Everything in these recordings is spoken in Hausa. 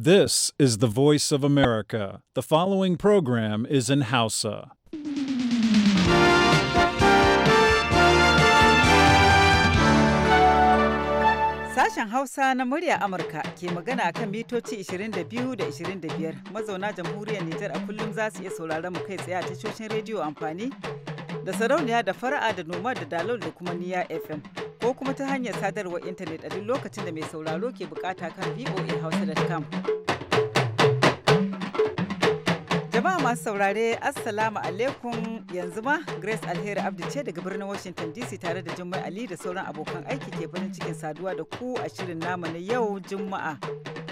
This is the voice of America. The following program is in Hausa. Sashen Hausa na murya Amurka ke magana kan mitoci 22 da 25 mazauna jamhuriyar Nijar a kullum za su iya sauraron mu kai tsaye a tashoshin rediyo amfani da sarauniya da fara'a da noma da dalol da kuma niya FM. ko kuma ta hanyar sadarwar intanet a duk lokacin da mai sauraro ke bukata kan voahausa.com. Jama'a masu saurare Assalamu alaikum yanzu ma Grace Alheri abdu ce daga birnin Washington DC tare da Jummai Ali da sauran abokan aiki ke farin cikin saduwa da ku a shirin namu na yau Juma'a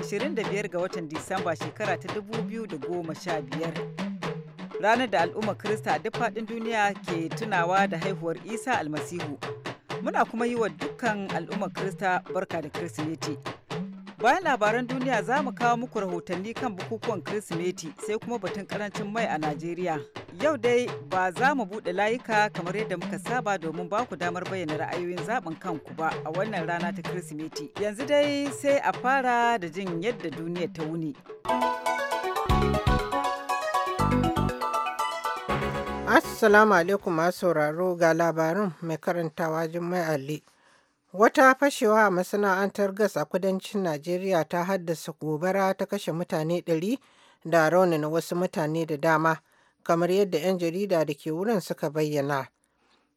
25 ga watan Disamba shekara ta 2015. ranar da al'ummar Kirista a duk faɗin duniya ke tunawa da haihuwar Isa almasihu. Muna kuma yi wa dukkan al'ummar Kirista barka da Kirsimeti. Bayan labaran duniya za mu kawo muku rahotanni kan bukukuwan Kirsimeti sai kuma batun karancin mai a Najeriya. Yau dai ba za mu buɗe layuka kamar yadda muka saba domin ba ku damar bayyana ra'ayoyin zaɓin kanku ba a wannan rana ta Kirsimeti. Yanzu dai sai a fara da jin yadda duniya ta wuni. Assalamu alaikum masu sauraro ga labarin mai karantawa Jummai Ali. Wata fashewa a masana'antar gas a kudancin Najeriya ta haddasa gobara ta kashe mutane ɗari da raunin wasu mutane da dama, kamar yadda 'yan jarida da ke wurin suka bayyana.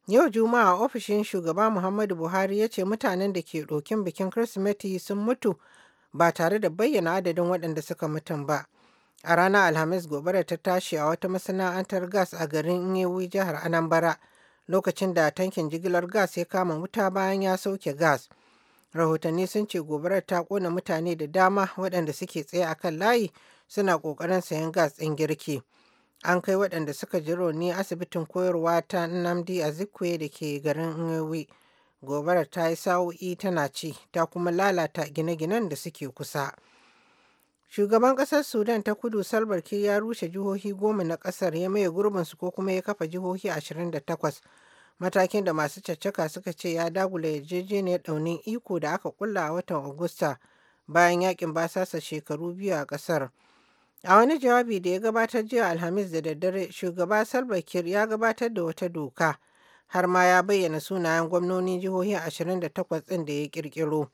Yau Juma'a ofishin shugaba Muhammadu Buhari ya ce mutanen da ke ɗokin bikin Kirsimeti sun mutu ba tare da bayyana adadin waɗanda suka mutum ba. A ranar Alhamis gobara ta tashi a wata masana'antar gas a garin Nnewi jihar Anambra lokacin da tankin jigilar gas ya kama wuta bayan ya sauke gas. Rahotanni sun ce gobarar ta kona mutane da dama waɗanda suke tsaye a kan layi suna ƙoƙarin sayan gas ɗin girki. An kai waɗanda suka ji rauni asibitin koyarwa ta namdi a zikwe da ke garin Nnewi. Gobarar ta yi sa'o'i tana ci ta kuma lalata gine-ginen da suke kusa. Shugaban ƙasar Sudan ta kudu Salvar Kiir ya rushe jihohi goma na ƙasar ya maye gurbinsu ko kuma ya kafa jihohi 28. Matakin da masu caccaka suka ce ya dagula yarjejeniyar ɗaunin iko da aka kulla a watan Agusta bayan yakin basasa shekaru biyu a ƙasar. A wani jawabi da ya gabatar jiya Alhamis da daddare, shugaba Salva ya gabatar da wata doka har ma ya bayyana sunayen gwamnonin jihohi 28 ɗin da ya ƙirƙiro.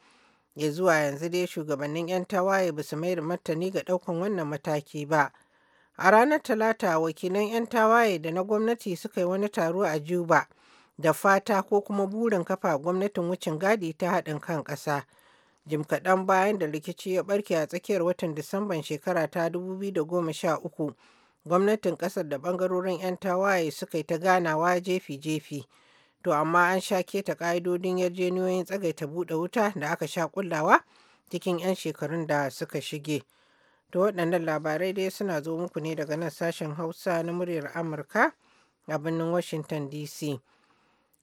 ya zuwa yanzu dai shugabannin 'yan tawaye ba su mai da martani ga ɗaukan wannan mataki ba a ranar talata wakilan 'yan tawaye da na gwamnati suka yi wani taro a juba da fata ko kuma burin kafa gwamnatin wucin gadi ta haɗin kan ƙasa jim kaɗan bayan da rikici ya ɓarke a tsakiyar watan disamban shekara ta 2013 gwamnatin ƙasar da ɓangarorin 'yan tawaye suka yi ta ganawa jefi-jefi to amma an sha keta ƙa'idodin yarjejeniyoyin tsagaita buɗe wuta da aka sha kullawa cikin 'yan shekarun da suka shige to waɗannan labarai dai suna zo muku ne daga nan sashen hausa na muryar amurka a birnin washington dc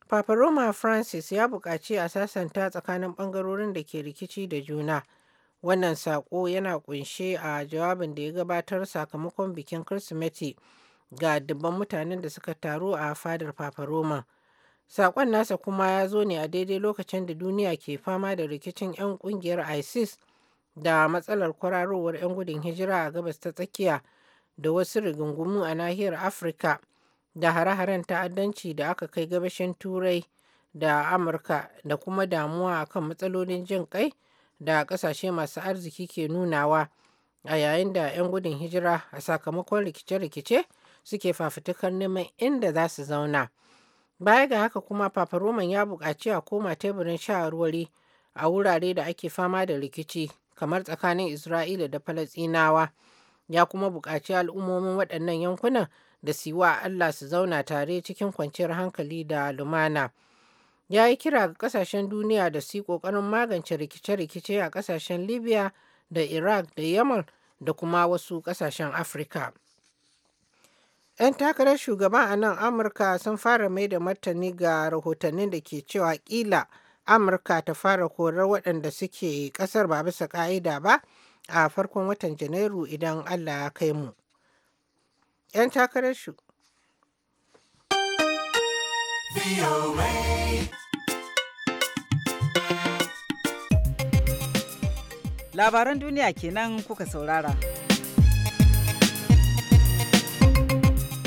papa roma francis ya buƙaci a sasanta tsakanin ɓangarorin da ke rikici da juna wannan saƙo yana ƙunshe a jawabin da ya gabatar sakamakon bikin kirsimeti ga dubban mutanen da suka taru a fadar papa roman Saƙon nasa kuma ya zo ne a daidai lokacin da duniya ke fama da rikicin 'yan ƙungiyar ISIS da matsalar kwararowar 'yan gudun hijira a gabas ta tsakiya da wasu rigingumu a nahiyar Afirka da hare-haren ta'addanci da aka kai gabashin Turai da Amurka da kuma damuwa a kan matsalolin jin kai da ƙasashe masu arziki ke nunawa a yayin da 'yan gudun hijira a sakamakon rikice-rikice suke fafutukar neman inda za su zauna. Baya ga haka kuma Papa Roman ya buƙaci a koma teburin shawarwari a wurare da ake fama da rikici kamar tsakanin Isra'ila da Falasɗinawa, ya kuma buƙaci al'ummomin waɗannan yankunan da siwa Allah su zauna tare cikin kwanciyar hankali da lumana. Ya yi kira ga ƙasashen duniya da su yi ƙoƙarin magance rikice-rikice a ƙasashen Libya da Iraq da Yamal da kuma wasu ƙasashen Afirka. 'Yan takarar shugaba a nan Amurka sun fara mai da martani ga rahotannin da ke cewa kila Amurka ta fara korar waɗanda suke ƙasar ba bisa ƙa'ida ba a farkon watan Janairu idan Allah ya kai mu. Labaran duniya kenan kuka saurara.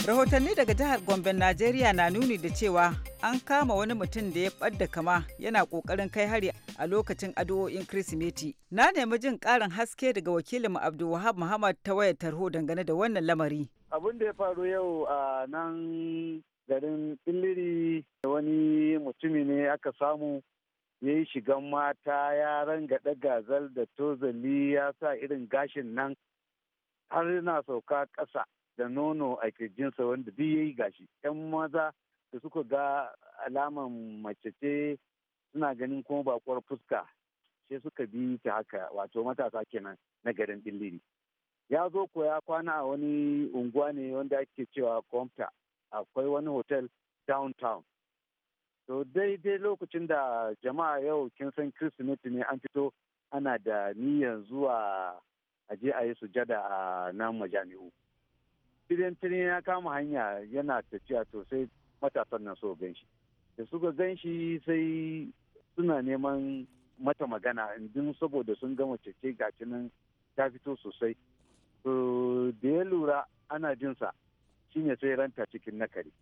rahotanni daga jihar gombe najeriya na nuni da cewa an kama wani mutum da ya ɓadda kama yana ƙoƙarin kai hari a lokacin addu'o'in kirsimeti na nemi jin ƙarin haske daga wakilin abdulwahab muhammad ta wayar tarho dangane da wannan lamari abin da ya faru yau a nan garin da wani mutumi ne aka samu ya yi shigan mata ya rangaɗa gazal da tozali ya sa irin gashin nan har na sauka ƙasa da nono a kirjinsa wanda duk ya yi gashi yan maza da suka ga alaman mace ce suna ganin kuma bakuwar fuska sai suka bi ta haka wato matasa kenan na garin dilliri ya zo ko ya kwana a wani unguwa ne wanda ake cewa komta akwai wani hotel downtown to daidai lokacin da jama'a yau kin san kirsimeti ne an fito ana da niyyar zuwa aje a yi sujada a nan majami'u idan tuni ya kama hanya yana tafiya to sai matasan nan so gan shi da suka gan shi sai suna neman mata magana din saboda sun gama cece gaci nan ta fito sosai to da ya lura ana jinsa shine sai ranta cikin nakari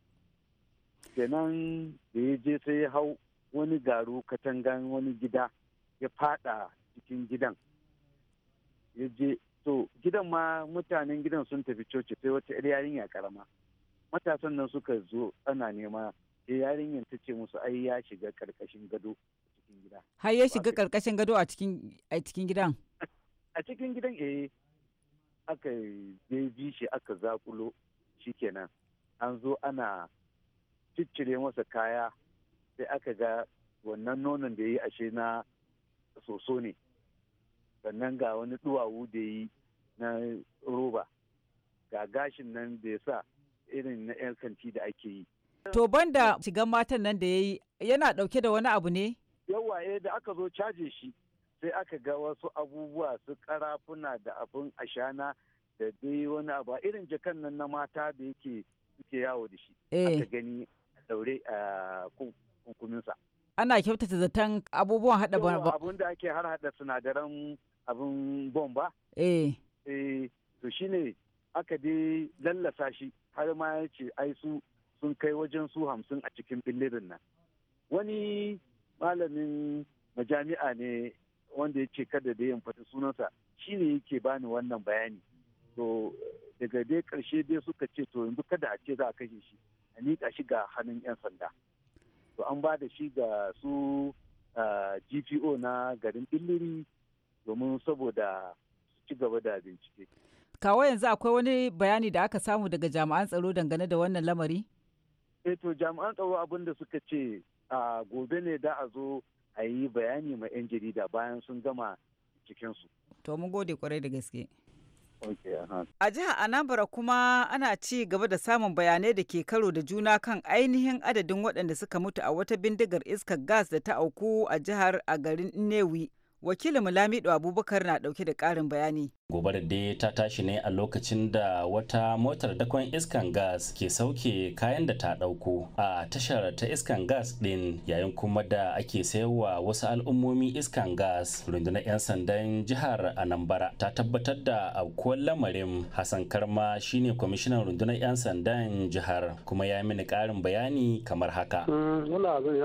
kenan da ya je sai ya hau wani garu katangan wani gida ya fada cikin gidan ya je to gidan ma mutanen gidan sun tafi coci sai wata yar yarinya karama matasan nan suka zo ana nema yarinyar ta ce musu ai ya shiga karkashin gado a cikin gida har ya shiga karkashin gado a cikin gidan a cikin gidan eh aka je ji shi aka zakulo shikenan an zo ana ciccire masa kaya sai aka ga wannan nonon da ya yi ashe na soso ne sannan ga wani duwawu da yi na roba ga gashin nan da ya sa irin na 'yan santi da ake yi. To banda shigan matan nan da ya yi yana ɗauke da wani abu ne? waye eh, da aka zo caje shi sai aka ga wasu abubuwa su karafuna da abin ashana da dai wani abu irin jakan nan na mata da yake suke yawo da shi. Eh. Aka gani daure a kunkuminsa. Ana kyautata zaton abubuwan haɗa. Abun da ake har haɗa sinadaran abin bom ba eh eh to shine aka dai lallasa shi har ma ya ce ai su sun kai wajen su hamsin a cikin bilirin nan wani malamin majami'a ne wanda ya ce kada da yin fata sunansa shi ne yake bani wannan bayani to daga dai karshe dai suka ce to yanzu kada a ce za a kashe shi a miƙa shi ga hannun 'yan sanda to an ba da shi ga su ah, gpo na garin biliri domin saboda ci gaba da bincike. Kawo yanzu akwai wani bayani da aka samu daga jami'an tsaro dangane da wannan lamari? Eh to jami'an tsaro abin da suka ce a gobe ne da a zo a yi bayani ma 'yan jarida bayan sun gama cikinsu. To mun gode kwarai da gaske. A jihar Anambra kuma ana ci gaba da samun bayanai da ke karo da juna kan ainihin adadin waɗanda suka mutu a wata bindigar iskar gas da ta auku a jihar a garin newi wakilin Lamido Abubakar na dauke da karin bayani. Gobe da dai ta tashi ne a lokacin da wata motar dakon iskan gas ke sauke kayan da ta ɗauko a tashar ta iskan gas din, yayin kuma da ake sayarwa wasu al'ummomi iskan gas rundunar 'yan sandan jihar anambra ta tabbatar da aukuwar lamarin hassan karma shine kwamishinan rundunar 'yan sandan jihar kuma ya mini karin bayani kamar haka mm, abin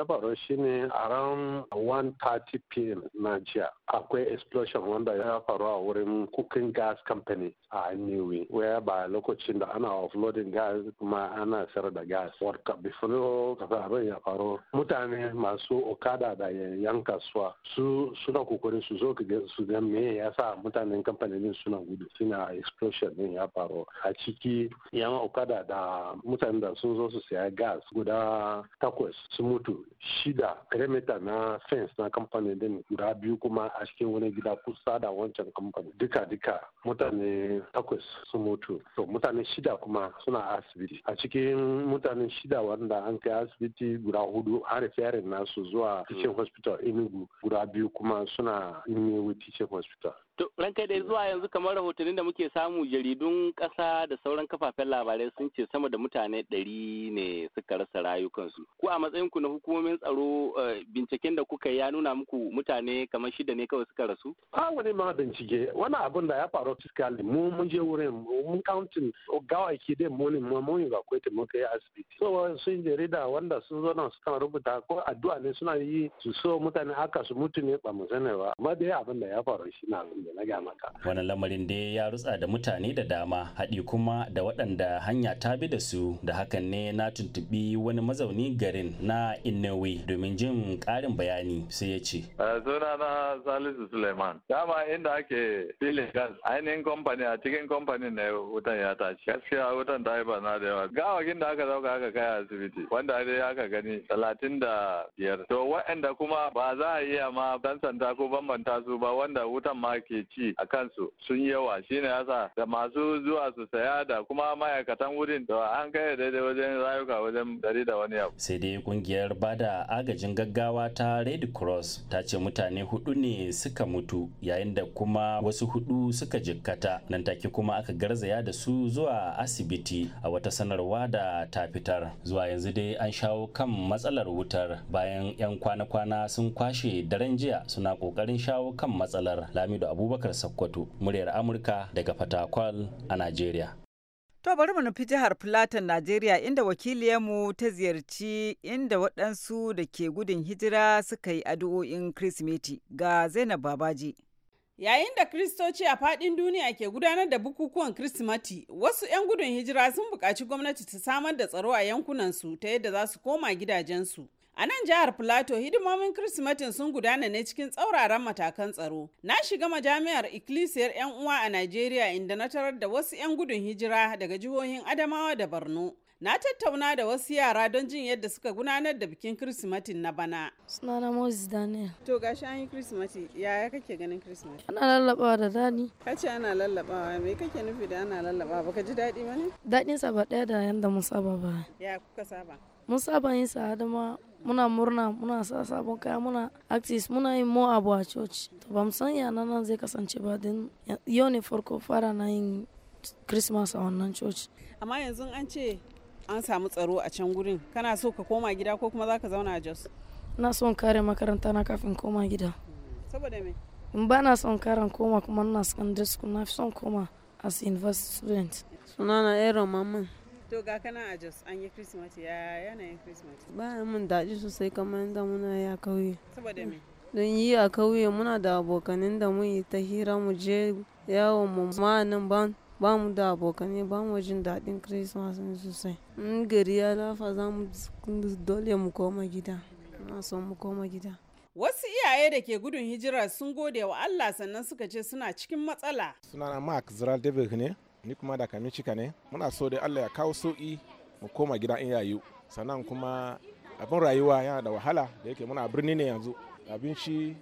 ya akwai explosion wanda ya faru a wurin cooking gas company a Annewe whereby lokacin da ana offloading gas kuma ana sayar da gas Warka before kafin abin ya faru mutane masu okada da yan kasuwa su suna kokarin su zo su ga me yasa mutanen kamfanin suna gudu suna explosion din ya faru a ciki yan okada da mutanen da sun zo su saya gas guda takwas su mutu shida kilomita na fence na kamfanin din guda biyu kuma a cikin wani gida kusa da wancan kamfanin duka duka mutane takwas sun mutu to mutane shida kuma suna asibiti a cikin mutane shida wanda an kai asibiti guda hudu har fiyarin nasu zuwa teaching hospital enugu guda biyu kuma suna imewu teaching hospital To ranka da zuwa yanzu kamar rahotannin da muke samu jaridun ƙasa da sauran kafafen labarai sun ce sama da mutane ɗari ne suka rasa rayukansu. Ku a matsayinku na hukumomin tsaro eh, binciken da kuka ya nuna muku mutane kamar shida ne kawai suka rasu? A wani ma bincike wani abin da ya faru fiskali mu mun je wurin mun kauntin ke dai munin ma mun evacuate mun kai asibiti. So sun jarida wanda sun zo nan suka rubuta ko addu'a ne suna yi su so mutane haka su mutu ne ba mu sani ba. Amma dai abin da ya faru shi na abin da na maka lamarin dai ya rutsa da mutane da dama haɗi kuma da waɗanda hanya ta bi da su da hakan ne na tuntuɓi wani mazauni garin na Innewe domin jin ƙarin bayani sai ya ce eh, suna na Salisu Suleiman dama inda ake filin gas ainihin kompani a cikin kompani ne wutan ya tashi gaskiya wutan ta yi bana da yawa gawakin da aka zauka aka kai asibiti wanda dai aka gani talatin da biyar to waɗanda kuma ba za a iya ma dan ko bambanta su ba wanda wutan ma ke ake ci a kansu sun yawa shine yasa da masu zuwa su saya da kuma ma'aikatan wurin da an kai daidai wajen rayuka wajen dari da wani abu. Sai dai kungiyar bada agajin gaggawa ta Red Cross ta ce mutane hudu ne suka mutu yayin da kuma wasu hudu suka jikkata nan take kuma aka garzaya da su zuwa asibiti a wata sanarwa da ta fitar. Zuwa yanzu dai an shawo kan matsalar wutar bayan 'yan kwana-kwana sun kwashe daren jiya suna kokarin shawo kan matsalar Lamido Abu Abubakar Sakkwato, muryar Amurka daga Fatakwal a nigeria. To bari mu nufi jihar Filatan Najeriya inda wakiliyarmu ta ziyarci inda waɗansu da ke gudun hijira suka yi addu'o'in Kirsimeti ga Zainab Babaji. Yayin da Kiristoci a fadin duniya ke gudanar da bukukuwan Kirsimati, wasu 'yan gudun hijira sun buƙaci gwamnati ta samar da tsaro a yankunansu ta yadda za su koma gidajensu. A nan jihar Filato hidimomin Kirsimetin sun gudana ne cikin tsauraran matakan tsaro. Na shiga majami'ar ikkilisiyar 'yan uwa a Najeriya inda na tarar da wasu 'yan gudun hijira daga jihohin Adamawa da Borno. Na tattauna da wasu yara don jin yadda suka gudanar da bikin Kirsimetin na bana. Sunana Moses Daniel. To gashi an yi Kirsimeti, yaya kake ganin Kirsimeti? Ana lallabawa da dani. Kace ana lallabawa, me kake nufi da ana lallabawa? Baka ji daɗi ba ne? Daɗin sa ba ɗaya da yanda mun saba ba. Ya kuka saba? Mun saba yin sa Adama muna murna muna sa sabon kaya muna actis muna yin mo abu a coci to ba san ya nan zai kasance ba din yau ne farko fara na yin christmas a wannan coci amma yanzu an ce an samu tsaro a can gurin kana so ka koma gida ko kuma za ka zauna a jos na son kare makaranta na kafin koma gida saboda me in ba na son karan koma kuma na secondary school na fi son koma as university student sunana ero mamman to a jos an yi ya mun daɗi sosai kamar yadda muna ya kauye saboda me don yi a kauye muna da abokanin da mun yi ta hira mu je yawon mu ma nan ba mu da abokanai ba mu jin daɗin christmas ne sosai in gari ya lafa za mu dole mu koma gida na son mu koma gida wasu iyaye da ke gudun hijira sun gode wa allah sannan suka ce suna cikin matsala sunana mark ziral david ne ni kuma da kamin cika ne muna so dai allah ya kawo sauki mu koma gida in yayu sannan kuma abin rayuwa yana da wahala da yake muna birni ne yanzu abinci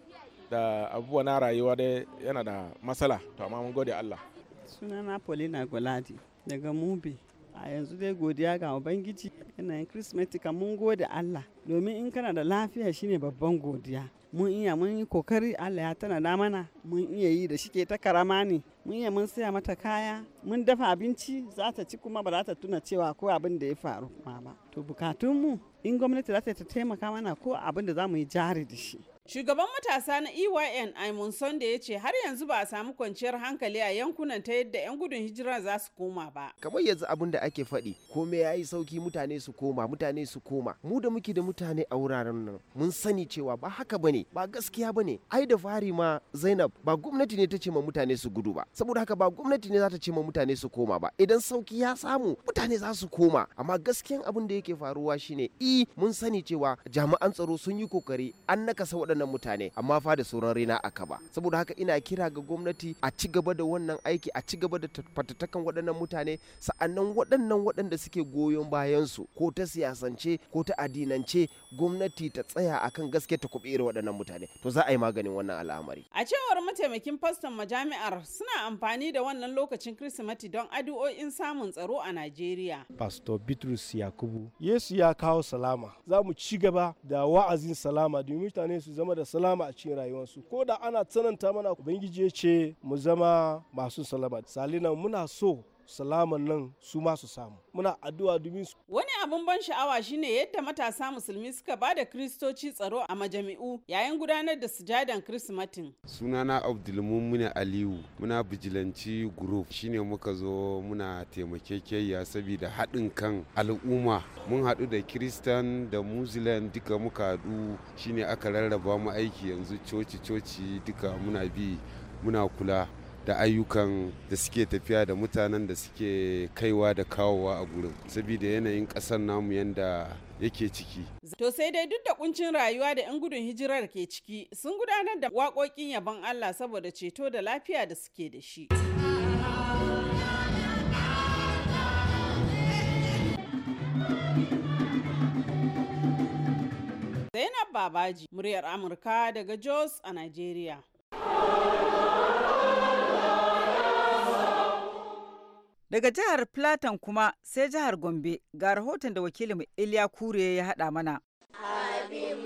da abubuwa na rayuwa dai yana da matsala to amma mun gode allah sunana polina goladi daga mubi a yanzu dai godiya ga ubangiji yanayin kirismeti ka mun gode allah domin in kana da lafiya shine babban godiya mun iya mun yi kokari allah ya tana da mana mun iya yi da shi ke ta karama ne mun yi mun saya mata kaya mun dafa abinci za ta ci kuma ba za ta tuna cewa ko abin da ya faru kuma ba to bukatunmu in gwamnati za ta taimaka mana ko abin da za mu yi jari da shi Shugaban matasa na EYN Aimun Sunday ya ce har yanzu ba a samu kwanciyar hankali a yankunan ta yadda 'yan gudun hijira za su koma ba. Kamar yanzu abin da ake faɗi, komai ya yi sauki mutane su koma, mutane su koma. Mu da muke da mutane a wuraren nan, mun sani cewa ba haka bane, ba gaskiya bane. Ai da fari ma Zainab ba gwamnati ne ta ce ma mutane su gudu ba. Saboda haka ba gwamnati ne za ta ce ma mutane su koma ba. Idan sauki ya samu, mutane za su koma. Amma gaskiyan abin da yake faruwa shine, i mun sani cewa jami'an tsaro sun yi kokari an nakasa waɗannan waɗannan mutane amma fa da sauran rina aka ba saboda haka ina kira ga gwamnati a ci gaba da wannan aiki a ci gaba da fatattakan waɗannan mutane sa'annan waɗannan waɗanda suke goyon bayansu ko ta siyasance ko ta addinance gwamnati ta tsaya akan gaske ta kuɓe irin waɗannan mutane to za a yi maganin wannan al'amari a cewar mataimakin faston majami'ar suna amfani da wannan lokacin kirsimati don addu'o'in samun tsaro a najeriya pastor bitrus yakubu yesu ya kawo salama za mu ci gaba da wa'azin salama domin mutane su zama da salama a cikin rayuwarsu ko da ana tsananta mana ubangiji ya ce mu zama masu salama salina muna so salaman nan su ma su samu muna addu'a domin su wani abun ban sha'awa shine yadda matasa musulmi suka ba da kristoci tsaro a majami'u yayin gudanar da sujadan kirsimatin sunana abdulmumuna aliyu muna bijilanci group shine muka zo muna taimakekeyya saboda haɗin kan al'umma mun haɗu da kiristan da muslim duka muka haɗu shine aka rarraba mu aiki yanzu coci coci duka muna bi muna kula da ayyukan da suke tafiya da mutanen da suke kaiwa da kawowa a gurin saboda yanayin ƙasar namu yanda yake ciki. To sai dai duk da kuncin rayuwa da 'yan gudun hijirar ke ciki sun gudanar da waƙoƙin yabon Allah saboda ceto da lafiya da suke da shi. Zainab Babaji, muryar Amurka daga Jos a Najeriya. Daga jihar Platan kuma sai jihar Gombe ga rahoton da wakilin Iliya Kure ya haɗa mana. Abin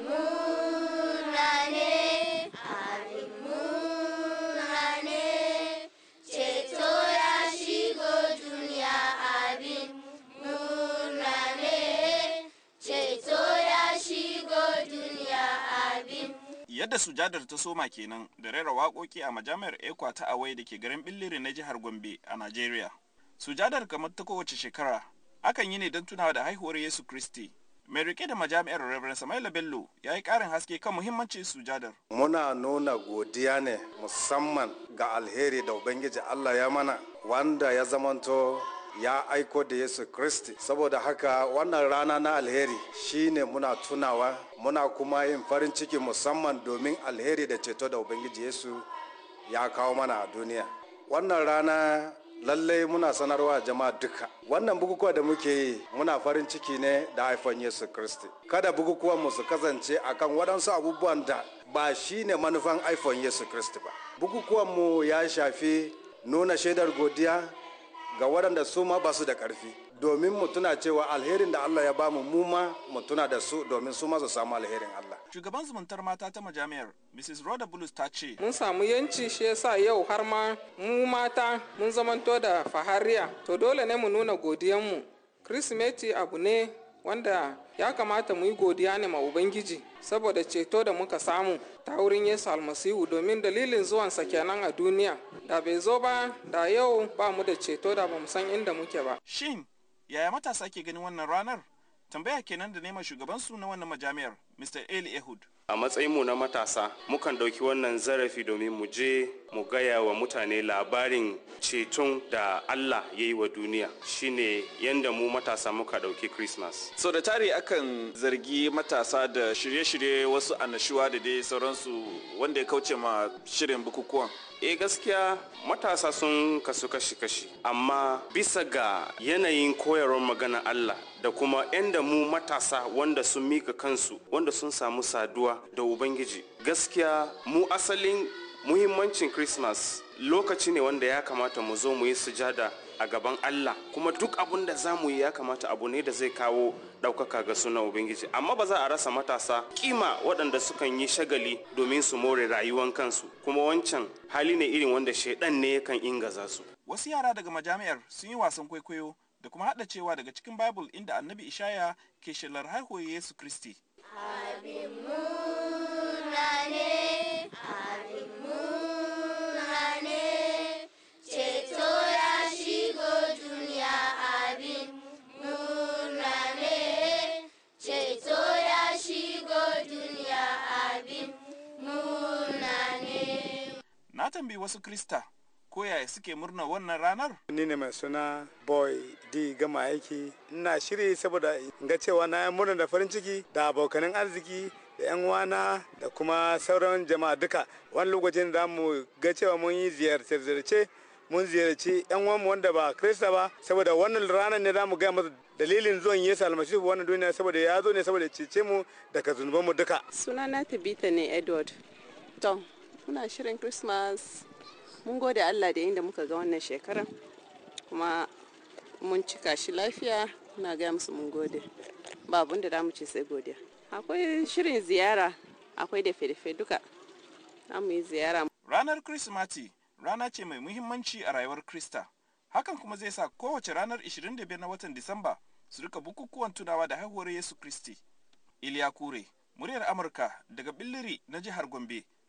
yadda sujadar ta soma kenan da rera waƙoƙi a majami'ar ekwa ta awai da ke garin billiri na jihar gombe a najeriya sujadar kamar ta kowace shekara akan yi ne don tunawa da haihuwar yesu kristi mai rike da majami'ar Reverend Samaila Bello ya yi ƙarin haske kan muhimmanci sujadar. Muna nuna godiya ne musamman ga alheri da Ubangiji Allah ya mana wanda ya zamanto ya aiko da Yesu Kristi. Saboda haka wannan rana na alheri shine muna tunawa muna kuma yin farin ciki musamman domin alheri da ceto da Ubangiji Yesu ya kawo mana a duniya. Wannan rana lallai muna sanarwa jama'a duka wannan bukukuwa da muke yi muna farin ciki ne da haifan yesu kristi kada bukukuwan mu su kasance akan waɗansu abubuwan da ba shi ne manufan haifan yesu kristi ba bukukuwan mu ya shafi nuna shaidar godiya ga waɗanda su ma ba su da ƙarfi domin mu tuna cewa alherin da allah ya bamu mu ma mu tuna da su domin su ma su samu alherin allah shugaban zumuntar mata ta majami'ar mrs rhoda bulus ta ce mun samu yanci shi yasa yau har ma mu mata mun zamanto da fahariya to dole ne mu nuna godiyanmu kirsimeti abu ne wanda ya kamata mu yi godiya ne ma ubangiji saboda ceto da muka samu ta wurin yesu almasihu domin dalilin zuwansa kenan a duniya da bai zo ba da yau ba mu da ceto da ba mu san inda muke ba shin yaya matasa ke ganin wannan ranar tambaya kenan da neman shugabansu na wannan majami'ar mr eli ehud a matsayinmu na matasa mukan ɗauki wannan zarafi domin mu je mu gaya wa mutane labarin ceton da Allah ya yi wa duniya shine yadda mu matasa muka ɗauki Christmas. So da tari akan zargi matasa da shirye-shirye wasu annashuwa da dai sauransu wanda ya kauce ma shirin bukukuwan. eh gaskiya matasa sun kasu kashi-kashi amma bisa ga yanayin koyarwar magana Allah da kuma 'yan mu matasa wanda sun mika kansu wanda sun samu saduwa da ubangiji gaskiya mu asalin muhimmancin christmas lokaci ne wanda ya kamata mu zo mu yi sujada a gaban Allah kuma duk abun da za mu yi ya kamata abu ne da zai kawo ɗaukaka ga sunan Ubangiji amma ba za a rasa matasa kima waɗanda sukan yi shagali domin su more rayuwar kansu kuma wancan hali ne irin wanda shaidan ne yakan ingaza su wasu yara daga majami'ar sun yi wasan kwaikwayo da kuma haɗa cewa daga cikin Bible inda annabi Ishaya ke shelar haihuwar Yesu Kristi. Abin tambayi wasu krista ko yaya suke murna wannan ranar? Ni ne mai suna Boy D gama aiki. Ina shiri saboda ga cewa na yi murna da farin ciki da abokanin arziki da 'yan wana da kuma sauran jama'a duka. Wani lokacin da mu ga cewa mun yi ziyarce-ziyarce mun ziyarci 'yan wanmu wanda ba krista ba saboda wannan ranar ne za mu gaya masa dalilin zuwan Yesu almasihu wannan duniya saboda ya zo ne saboda cece mu daga zunubanmu duka. Sunana Tabita ne Edward. Tom. muna shirin christmas mun gode allah da inda muka ga wannan shekara kuma mun cika shi lafiya muna gaya musu mun gode ba da damu ce sai godiya akwai shirin ziyara akwai dafe-dafe duka mu yi ziyara ranar krismati rana ce mai muhimmanci a rayuwar krista hakan kuma zai sa kowace ranar 25 na watan disamba su rika bukukuwan tunawa da haihuwar yesu kristi iliya kure muryar amurka daga billiri na jihar gombe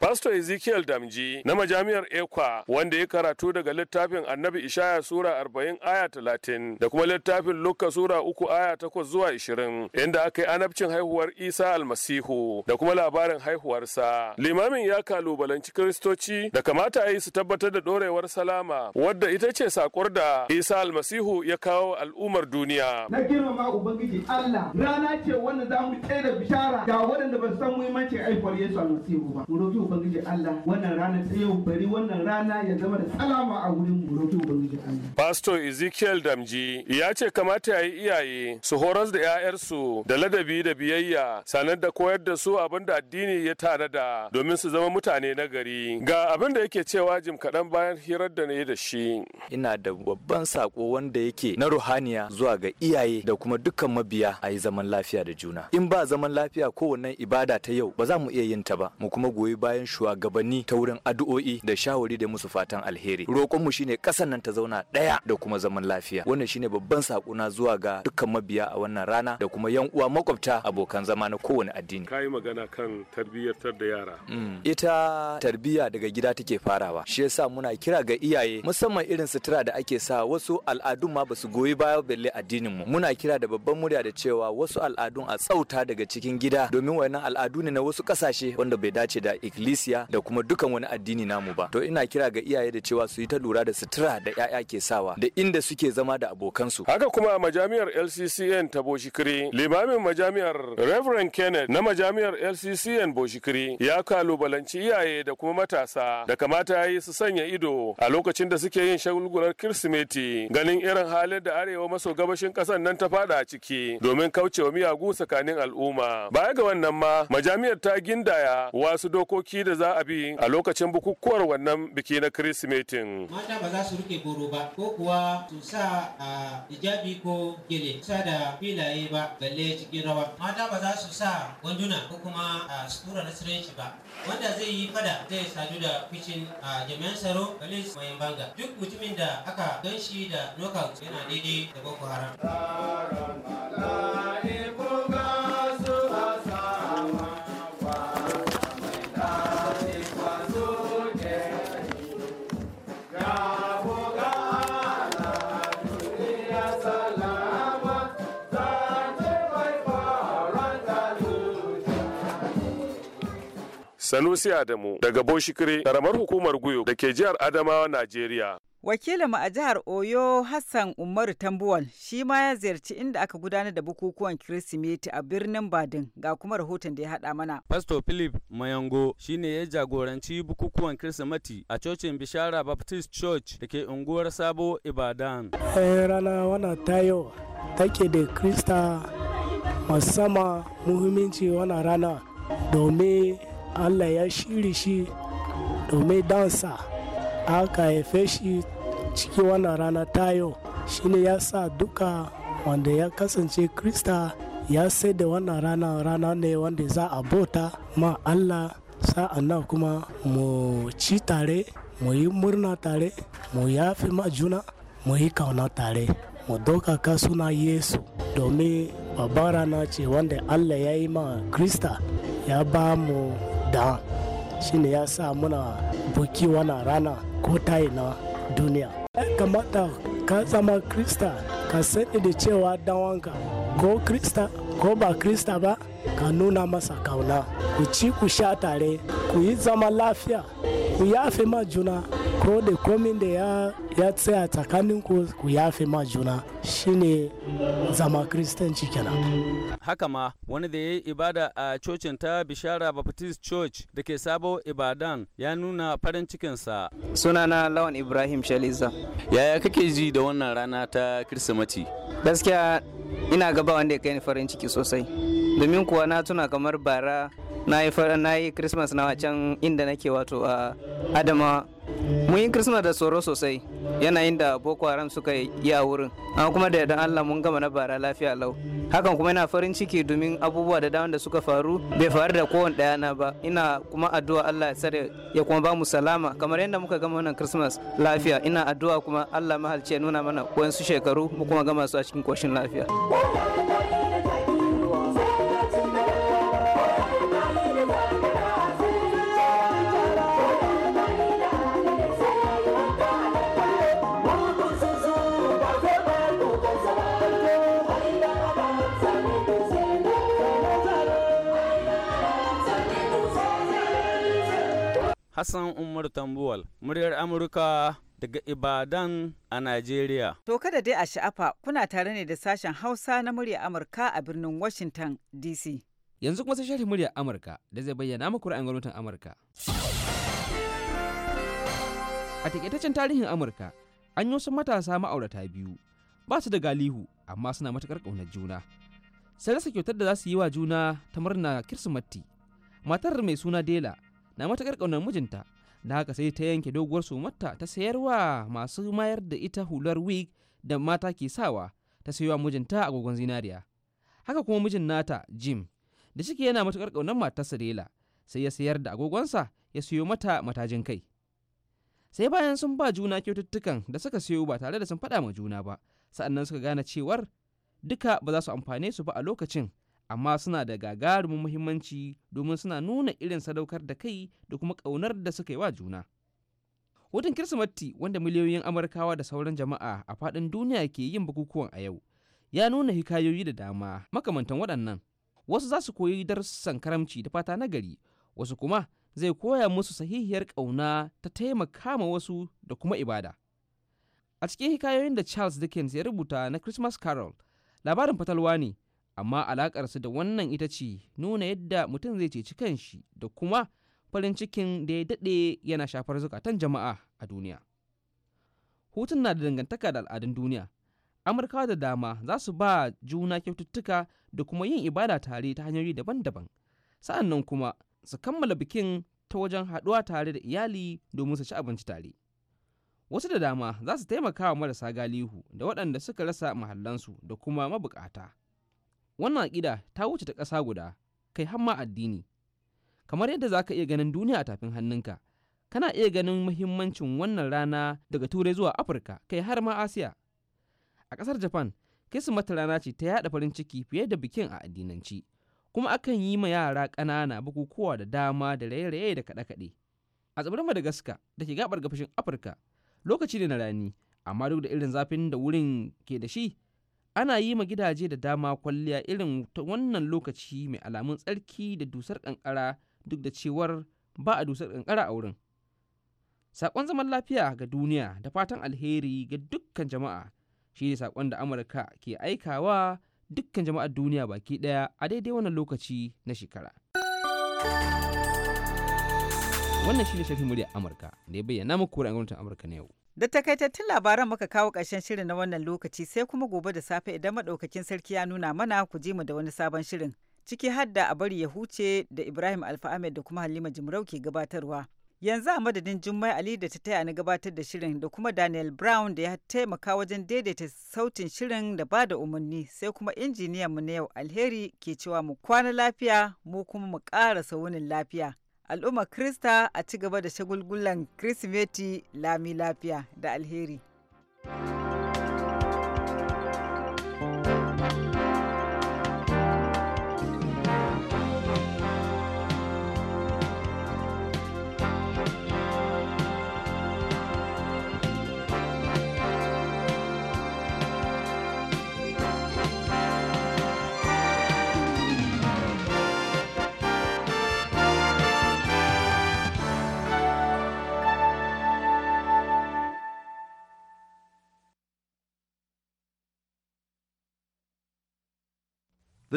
Pastor Ezekiel Damji na majami'ar Ekwa wanda ya karatu daga littafin Annabi Ishaya Sura 40 aya 30 da kuma littafin Luka Sura 3 aya 8 zuwa 20 inda aka yi anabcin haihuwar Isa almasihu da kuma labarin haihuwarsa. Limamin ya kalubalanci Kiristoci da kamata a yi su tabbatar da dorewar salama wadda ita ce sakor da Isa almasihu ya kawo al'ummar duniya. Na girmama Ubangiji Allah rana ce wanda za mu tsaye da bishara ga waɗanda ba su san muhimmancin haihuwar Yesu almasihu ba. ubangiji Allah Pastor Ezekiel Damji ya ce kamata ya yi iyaye su horas da 'ya'yarsu da ladabi da biyayya sanar da koyar da su abin da addini ya tare da domin su zama mutane na gari ga abin da yake cewa jim kaɗan bayan hirar da na yi da shi ina da babban saƙo wanda yake na ruhaniya zuwa ga iyaye da kuma dukkan mabiya a yi zaman lafiya da juna in ba zaman lafiya kowannen ibada ta yau ba za mu iya yin ta ba mu kuma goyi baya bayan shugabanni ta wurin addu'o'i da shawari da musu fatan alheri roƙon mu shine ƙasar nan ta zauna ɗaya da kuma zaman lafiya wannan shine babban sakuna zuwa ga dukkan mabiya a wannan rana da kuma yan uwa makwabta abokan zama na kowane addini kai magana kan tarbiyyar da yara mm. ita tarbiyya daga gida take farawa shi yasa muna kira ga iyaye musamman irin sutura da ake sa wasu al'adun ma basu goyi baya balle addinin mu muna kira da babban murya da cewa wasu al'adun a tsauta daga cikin gida domin wayannan al'adu ne na wasu ƙasashe wanda bai dace da ikli ikkilisiya da kuma dukan wani addini namu ba to ina kira ga iyaye da cewa su yi ta lura da sutura da 'ya'ya ke sawa da inda suke zama da abokansu haka kuma majami'ar LCCN ta Boshikiri limamin majami'ar Reverend Kenneth na majami'ar LCCN Boshikiri ya kalubalanci iyaye da kuma matasa da kamata yi su sanya ido a lokacin da suke yin shagulgular Kirsimeti ganin irin halin da arewa maso gabashin ƙasar nan ta fada a ciki domin kaucewa miyagu tsakanin al'umma baya ga wannan ma majami'ar ta gindaya wasu dokoki dokoki da za a bi a lokacin bukukuwar wannan biki na Kirsimetin. Mata ba za su rike goro ba ko kuwa su sa a hijabi ko gele sa da filaye ba balle cikin rawa. Mata ba za su sa wanduna ko kuma a sutura na sirenci ba. Wanda zai yi fada zai sadu da ficin a jami'an tsaro police mai banga. Duk mutumin da aka ganshi da knockout yana daidai da Boko Haram. Sanusi Adamu daga Boshikire, karamar hukumar Guyo da ke jihar Adamawa, Najeriya. Wakilinmu a jihar Oyo Hassan Umaru Tambuwal shi ma ya ziyarci inda aka gudanar da bukukuwan Kirsimeti a birnin Badin ga kuma rahoton da ya haɗa mana. Pastor Philip Mayango shi ne ya jagoranci bukukuwan Kirsimeti a cocin Bishara Baptist Church da ke unguwar Sabo Ibadan. Eh, rana wana tayo take da Krista musamman muhimmanci wana rana domin allah ya shiri shi domin dansa aka haife shi ciki wannan rana ta yau shine ya sa duka wanda ya kasance krista ya sai da wannan rana rana ne wanda za a bota ma allah sa'annan kuma mu ci tare mu yi murna tare mu yafi ma juna mu yi kauna tare mu dokaka suna yesu domin babban rana ce wanda allah ya yi ma krista ya ba mu da shine ya sa muna buki wana rana ko tayi na duniya kamata ka zama krista ka sani da cewa dawanka ko krista ko ba krista ba ka nuna masa kauna ku ci ku sha tare ku yi zama lafiya ku yafe ma juna ko da komin da ya tsaya tsakanin ku ya fi ma juna shine zama kristanci kenan haka ma wani da ya yi ibada a cocin ta bishara baptist church da ke sabo ibadan ya nuna farin cikinsa sunana lawan ibrahim shaliza yaya kake ji da wannan rana ta kirsimati gaskiya ina gaba wanda ya kai farin ciki sosai domin kuwa na tuna kamar bara na yi christmas na can inda nake wato a adama mun yi kirisma da tsoro sosai yanayin da boko haram suka yi a wurin amma kuma da yardan allah mun gama na bara lafiya lau hakan kuma ina farin ciki domin abubuwa da dama da suka faru bai faru da kowane daya na ba ina kuma addu'a allah ya ya kuma ba mu salama kamar yadda muka gama wannan christmas lafiya ina addu'a kuma allah mahalci ya nuna mana wayansu shekaru mu kuma gama su a cikin koshin lafiya Hassan Umar Tambuwal, muryar Amurka daga Ibadan a Najeriya. To kada dai a sha'afa kuna tare ne da sashen Hausa na muryar Amurka a birnin Washington DC. Yanzu kuma sai muryar Amurka da zai bayyana muku ra'ayin gwamnatin Amurka. A taƙaitaccen tarihin Amurka, an yi wasu matasa ma'aurata biyu, ba su da galihu amma suna matukar ƙaunar juna. Sai rasa kyautar da za su yi wa juna ta murna Kirsimati. Matar mai suna Dela na matuƙar ƙaunar mijinta da haka sai ta yanke doguwar sumarta ta sayarwa masu mayar da ita hular wig da mata ke sawa ta sayowa mijinta agogon zinariya haka kuma mijin nata jim da shike yana matuƙar ƙaunar matarsa dela sai ya sayar da agogonsa ya siyo mata matajin kai sai bayan sun ba juna kyaututtukan da suka siyo ba tare da sun faɗa ma juna ba sa'annan suka gane cewar duka ba za su amfane su ba a lokacin amma suna da gagarumin muhimmanci domin suna nuna irin sadaukar da kai da kuma ƙaunar da suka yi wa juna. Hutun Kirsimati wanda miliyoyin Amurkawa da sauran jama'a a faɗin duniya ke yin bukukuwan a yau ya nuna hikayoyi da dama makamantan waɗannan. Wasu za su koyi darussan karamci da fata nagari, wasu kuma zai koya musu sahihiyar ƙauna ta taimaka ma wasu da kuma ibada. A cikin hikayoyin da Charles Dickens ya rubuta na Christmas Carol, labarin fatalwa ne amma alaƙarsu da wannan ita ce nuna yadda mutum zai ceci shi da kuma farin cikin da ya daɗe yana shafar zukatan jama'a a duniya hutun na da dangantaka da al'adun duniya amurkawa da dama za su ba juna kyaututtuka da kuma yin ibada tare ta hanyoyi daban-daban sa'an nan kuma su kammala bikin ta wajen haɗuwa tare da iyali domin su ci abinci tare wasu da dama za su taimaka wa marasa galihu da waɗanda suka rasa mahallansu da kuma mabukata wannan aƙida ta wuce ta ƙasa guda kai har ma addini kamar yadda za ka iya ganin duniya a tafin hannunka kana iya ganin muhimmancin wannan rana daga turai zuwa afirka kai har ma asiya a ƙasar japan mata rana ce ta yada farin ciki fiye da bikin a addinanci kuma akan yi ma yara ƙanana bukukuwa da dama da raye-raye da kaɗe-kaɗe a tsibirin madagascar da ke gabar gafashin afirka lokaci ne na rani amma duk da irin zafin da wurin ke da shi ana yi ma gidaje da dama kwalliya irin wannan lokaci mai alamun tsarki da dusar kankara duk da cewar ba a dusar kankara a wurin saƙon zaman lafiya ga duniya da fatan alheri ga dukkan jama'a shi ne saƙon da amurka ke aikawa dukkan jama'ar duniya baki ɗaya a daidai wannan lokaci na shekara wannan shi ne shafin murya amurka da ya bayyana muku ra'ayin gwamnatin amurka na yau Da takaitattun labaran muka kawo ƙarshen shirin na wannan lokaci sai kuma gobe da safe idan maɗaukakin sarki ya nuna mana ku ji mu da wani sabon shirin. Ciki har da a bari ya huce da Ibrahim Alfa da kuma Halima Jimrau ke gabatarwa. Yanzu a madadin Jummai Ali da ta taya na gabatar da shirin da kuma Daniel Brown da ya taimaka wajen daidaita sautin shirin da ba da umarni sai kuma injiniyan mu na yau alheri ke cewa mu kwana lafiya mu kuma mu ƙara saunin lafiya. al'ummar krista a ci gaba da shagulgulan kirsimeti lami lafiya da alheri.